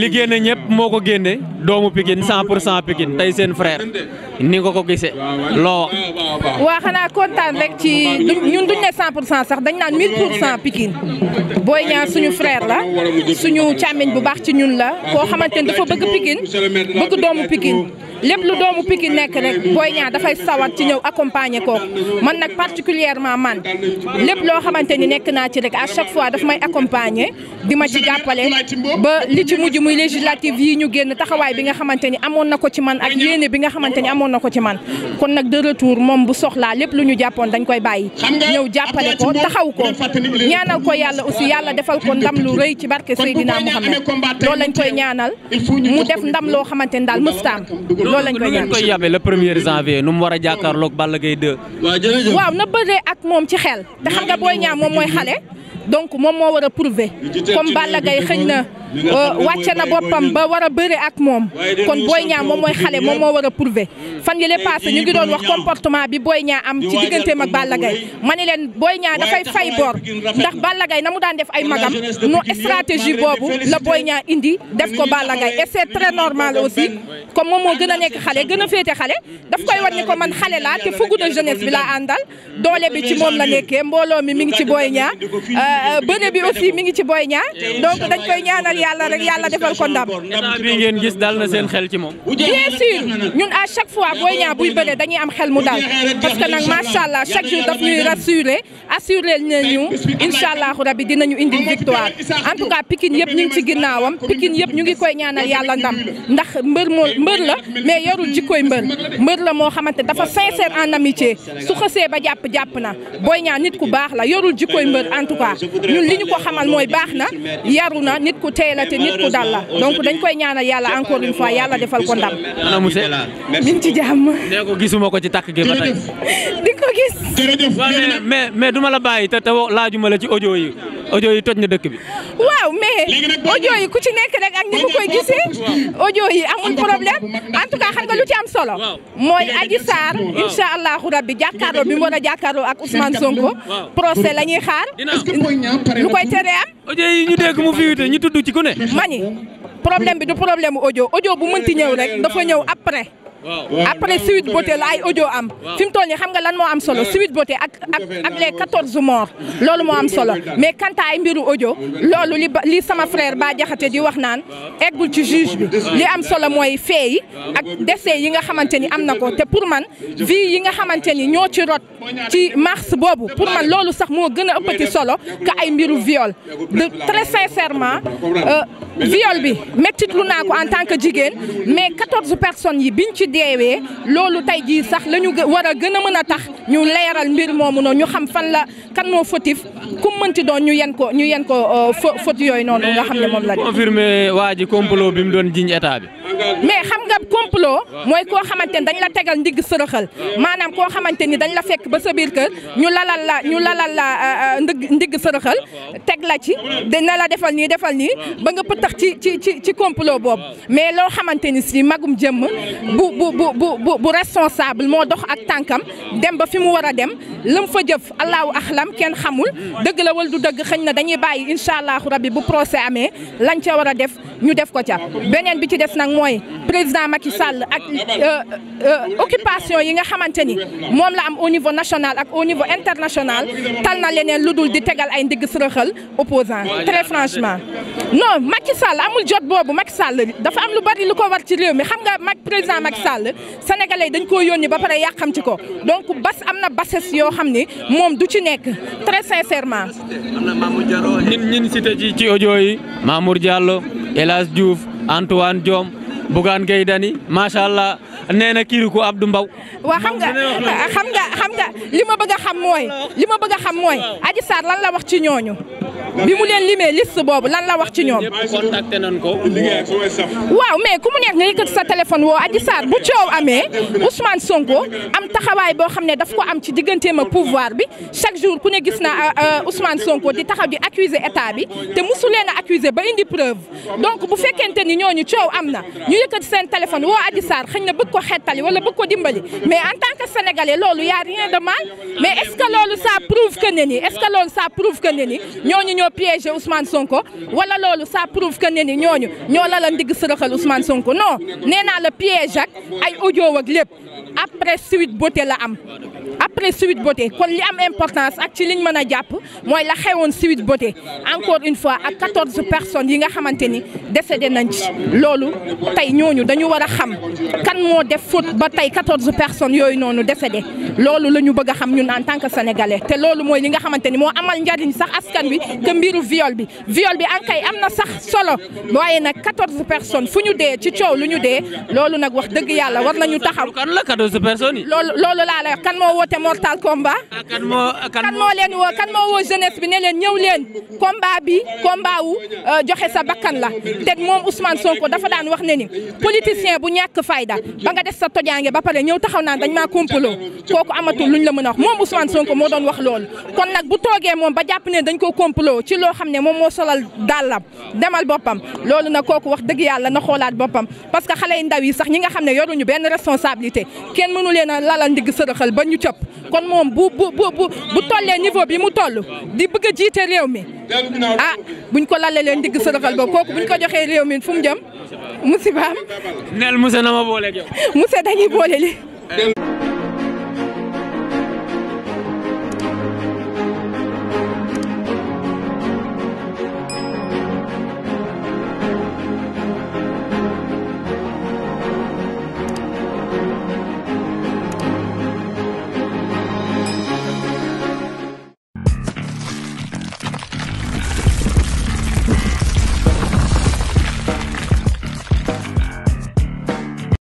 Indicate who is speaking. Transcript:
Speaker 1: liggéey na ñëpp moo ko génnee doomu Pikine cent pour cent Pikine tey seen frère ni nga ko gisee. loo wax waaw xanaa kontaan rek ci ñun duñ ne 100 pour sax dañ naan 1000 pour cent Pikine Boy Niang suñu frère la suñu càmmiñ bu baax ci ñun la koo xamante ni dafa bëgg Pikine bëgg doomu Pikine lépp lu doomu Pikine nekk rek Boy Niang dafay sawar ci ñëw accompagner kooku man nag particulièrement man lépp loo xamante ni nekk naa ci rek à chaque fois daf may accompagner di ma ci jàppale ba li ci mujj muy législative yi ñu génn taxawaay bi nga xamante ni amoon na ko ci man ak yéene nga xamante ni amoon na ko ci man kon nag de retour moom bu soxlaa lépp lu ñu jàppoon dañ koy bàyyi ñëw jàppale ko taxaw ko ñaanal ko yàlla aussi yàlla defal ko ndam lu rëy ci barke Seydina Mouhamed loolu lañ koy ñaanal mu def ndam loo xamante ne daal mëstaam loolu lañ koy ñaanal koy yabe janvier nu mu war a jàkkaarloog Balla Gaye 2 waaw na bëree ak moom ci xel te xam nga booy ñaar moom mooy xale donc moom moo war a prouver comme Balla Gaye xëñ na wàcce na boppam ba war a bëre ak moom kon Boy Niang moom mooy xale moom moo war a prouver fan yi le ñu ngi doon wax comportement bi Boy Niang am ci digganteem ak Balla Gaye ma ni leen Boy Niang dafay fay bor ndax Balla na mu daan def ay magam non stratégie boobu la Boy Niang indi def ko Balla et c'est très normal aussi comme moom moo gën a nekk xale gën a féete xale daf koy war ni ko man xale laa te fugu de jeunesse bi laa àndal doole bi ci moom mi mi ngi ci mi ngi ci Boy Niang euh, euh, yàlla rek yàlla defal ko ndam. état bi ngeen gis dal na seen xel ci moom. bien sûr ñun à chaque fois booy ñaa buy bëre dañuy am xel mu dal parce que nag allah chaque jour daf ñuy rassurer assurer nañu incha allahu rabi dinañu indi yëpp ñu ngi ci ginnaawam Pikine yëpp ñu ngi koy ñaanal yàlla ndam ndax mbër moo mbër la mais yorul jikkooy mbër mbër la moo xamante dafa sincère en amitié su xësee ba jàpp jàpp na booy ñaa nit ku baax la yorul jikkooy mbër en tout cas ñun li ñu ko xamal mooy tey la te la donc dañ koy ñaanal yàlla encore une fois yàlla defal ko ndam. ana monsieur mi ngi ci ma nee ko gisuma ko ci tàkk gi ba di ko gis. mais mais du ma la bàyyi te te laajuma la ci audio yi. audio yi toj na dëkk bi. waaw mais audio yi ku ci nekk rek ak ni ko koy gisee audio yi amul problème en tout cas xam nga lu ci am solo. mooy Adji Sarr incha allahu rabbi jàkkaarloo bi mu war a jàkkaarloo ak Ousmane Sonko. procès la ñuy xaar. lu koy tere am. audio yi ñu dégg mu fi wute ñu tudd ci ku ne. mani problème bi du problème mu audio audio bu mënti ñëw rek dafa ñëw après. après Sweet Beauté la ay audio am fi toll nii xam nga lan moo am solo Sweet Beauté ak ak quatorze morts loolu moo am solo mais quant à ay mbiru audio loolu li li sama frère Ba te di wax naan eggul ci juge bi li am solo mooy fee yi ak décès yi nga xamante ni am na ko te pour man vi yi nga xamante ni ñoo ci rot ci mars boobu pour man loolu sax moo gën a ëppati solo que ay mbiru viol de très sincèrement euh, viol bi méttit naa ko en tant que jigéen mais quatorze personnes deewee loolu tey jii sax lañu ñu war a gën a mën a tax ñu leeral mbir moomu noonu ñu xam fan la kan moo fautif ku mënti doon ñu yen ko ñu yen ko faute yooyu noonu nga xam ne moom la. confirmé waa ji complot bi doon jiñ état bi. mais xam nga complot mooy koo xamante ni dañ la tegal ndigg sërëxal maanaam koo xamante ni dañ la fekk ba sa biir kër ñu lalal la ñu lalal la euh, euh, ndigg ndigg sërëxal teg la ci na la defal nii defal nii ba nga pëtax ci ci ci ci complot boobu mais loo xamante ni si magum jëmm bu bu bu bu responsable moo dox ak tànkam dem ba fi mu war a dem lam fa jëf allahu axlam kenn xamul dëgg la wala du dëgg xëñ na dañuy bàyyi incha allahu rabbi bu procès amee lañ ca war a def ñu def ko ca beneen bi ci des nag mooy président Macky sàll ak euh, euh, occupation yi nga xamante ni moom la am au niveau national ak au niveau international tal na leneen lu dul di tegal ay ndigg sërëxal opposant très franchement non Macky Sall amul jot boobu Macky Sall dafa am lu bari lu ko war ci réew mi xam nga mag président Macky Sall sénégalais dañ koo yónni ba pare yàqam ci ko donc bas am na bases yoo xam ni moom du ci nekk très sincèrement ñin ñin ci ci audio yi Mamour Diallo El Hadj Diouf Antoine Diome Bougane Gueye Dany macha allah nee na Kirikou Abdou Mbow. waaw xam nga xam nga li ma bëgg xam mooy. li ma bëgg xam mooy. Adji Sarr la wax ci ñooñu. bi mu leen limee liste boobu lan la wax ci ñoom. waaw mais ku mu nekk nga yëkkati sa téléphone woo Adji Sarr bu coow amee Ousmane Sonko am taxawaay boo xam ne dafa ko am ci digganteem ak pouvoir bi chaque jour ku ne gis na euh, euh, Ousmane Sonko di taxaw di accuser état bi te musu leen a accuser ba indi preuve donc bu fekkente ni ñooñu coow am na ñu yëkkati seen téléphone woo Adji Sarr xëy na bëgg ko xettali wala bëgg ko dimbali mais en tant que sénégalais loolu y a ñoo piégé Ousmane Sonko wala loolu sa prouve que ne ni ñooñu ñoo la la ndigg sërëxal Ousmane Sonko non nee naa la piège ak ay audio ak lépp après suite beauté la am après suite beauté kon li am importance ak ci li liñ mën a jàpp mooy la xewoon suite beauté encore une fois ak quatorze personnes yi nga xamante ni décédé nañ ci loolu tey ñooñu dañu war a xam kan moo def foot ba tey quatorze personnes yooyu noonu décédé loolu la ñu bëgg xam ñun en tant que sénégalais te loolu mooy li nga xamante ni moo amal njariñ sax askan wi mbiru viol bi viol bi ankay am na sax solo waaye nag quatorze personnes fu ñu dee ci coow lu ñu dee loolu nag wax dëgg yàlla war nañu taxaw. kan la quatorze personnes yi. loolu loolu laa la kan moo woote mortal combat. Ah, kan moo ah, kan leen woo kan moo woo jeunesse bi ne leen ñëw leen combat bi combat wu euh, joxe sa bakkan la te moom Ousmane Sonko dafa daan wax ne ni politicien bu ñàkk fayda ba nga def sa tojaange ba pare ñëw taxaw naan dañ maa complot kooku amatul luñ la mën a wax moom Ousmane moo doon wax loolu kon ci loo xam ne moom moo solal dàllam demal boppam loolu na kooku wax dëgg yàlla na xoolaat boppam parce que xale yu ndaw yi sax ñi nga xam ne yoruñu benn responsabilité kenn mënu leen a lalal ndigg sërëxal ba ñu cëpp kon moom bu bu bu bu tollee niveau bi mu toll di bëgg a jiite réew mi ah buñ ko lalee lalalee ndigg sërëxal ba kooku ñu ko joxee réew mi fu mu jëm musibaam. nel na ma booleeg yow. monsieur dañuy boole li